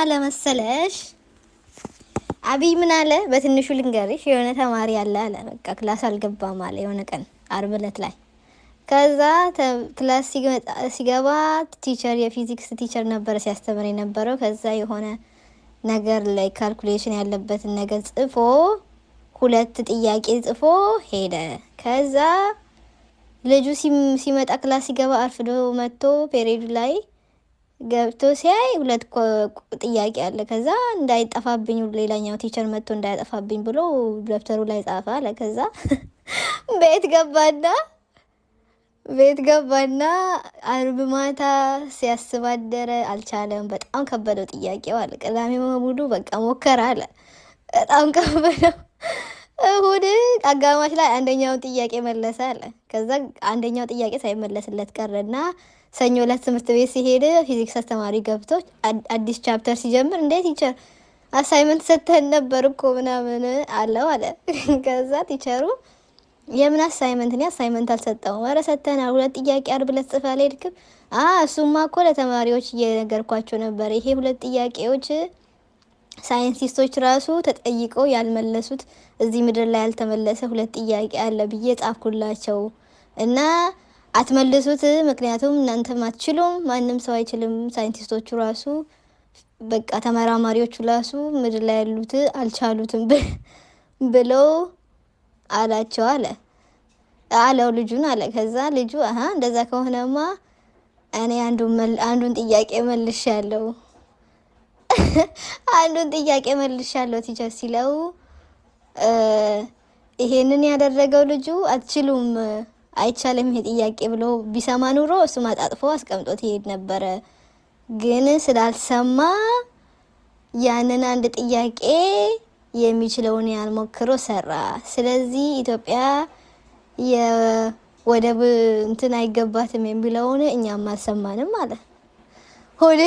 አለ መሰለሽ አብይ ምን አለ፣ በትንሹ ልንገርሽ። የሆነ ተማሪ አለ አለ በቃ ክላስ አልገባም አለ የሆነ ቀን አርብ ዕለት ላይ ከዛ ክላስ ሲገባ ቲቸር የፊዚክስ ቲቸር ነበረ ሲያስተምር የነበረው። ከዛ የሆነ ነገር ላይ ካልኩሌሽን ያለበትን ነገር ጽፎ ሁለት ጥያቄ ጽፎ ሄደ። ከዛ ልጁ ሲመጣ ክላስ ሲገባ አርፍዶ መጥቶ ፔሬዱ ላይ ገብቶ ሲያይ ሁለት ጥያቄ አለ። ከዛ እንዳይጠፋብኝ ሌላኛው ቲቸር መጥቶ እንዳይጠፋብኝ ብሎ ደብተሩ ላይ ጻፈ አለ። ከዛ ቤት ገባና ቤት ገባና አርብ ማታ ሲያስባደረ አልቻለም። በጣም ከበደው ጥያቄው አለ። ቅዳሜ ሙሉ በቃ ሞከር አለ። በጣም ከበደው። አጋማሽ ላይ አንደኛውን ጥያቄ መለሰ አለ። ከዛ አንደኛው ጥያቄ ሳይመለስለት ቀረና ሰኞ ዕለት ትምህርት ቤት ሲሄድ ፊዚክስ አስተማሪ ገብቶ አዲስ ቻፕተር ሲጀምር እንዴት ቲቸር አሳይመንት ሰተን ነበር እኮ ምናምን አለው አለ። ከዛ ቲቸሩ የምን አሳይመንት እኔ አሳይመንት አልሰጠውም። ኧረ ሰተናል፣ ሁለት ጥያቄ አርብ ዕለት ጽፈህ አልሄድክም? እሱማ እኮ ለተማሪዎች እየነገርኳቸው ነበር። ይሄ ሁለት ጥያቄዎች ሳይንቲስቶች ራሱ ተጠይቀው ያልመለሱት እዚህ ምድር ላይ ያልተመለሰ ሁለት ጥያቄ አለ ብዬ ጻፍኩላቸው እና አትመልሱት፣ ምክንያቱም እናንተም አትችሉም፣ ማንም ሰው አይችልም። ሳይንቲስቶቹ ራሱ በቃ ተመራማሪዎቹ ራሱ ምድር ላይ ያሉት አልቻሉትም ብለው አላቸው አለ አለው ልጁን አለ። ከዛ ልጁ አሀ እንደዛ ከሆነማ እኔ አንዱን ጥያቄ መልሻለሁ አንዱን ጥያቄ መልሻለሁ። ቲቸር ሲለው ይሄንን ያደረገው ልጁ አትችሉም፣ አይቻልም ይሄ ጥያቄ ብሎ ቢሰማ ኑሮ እሱም አጣጥፎ አስቀምጦት ይሄድ ነበረ። ግን ስላልሰማ ያንን አንድ ጥያቄ የሚችለውን ያልሞክሮ ሞክሮ ሰራ። ስለዚህ ኢትዮጵያ የወደብ እንትን አይገባትም የሚለውን እኛም አልሰማንም አለ ሆዴ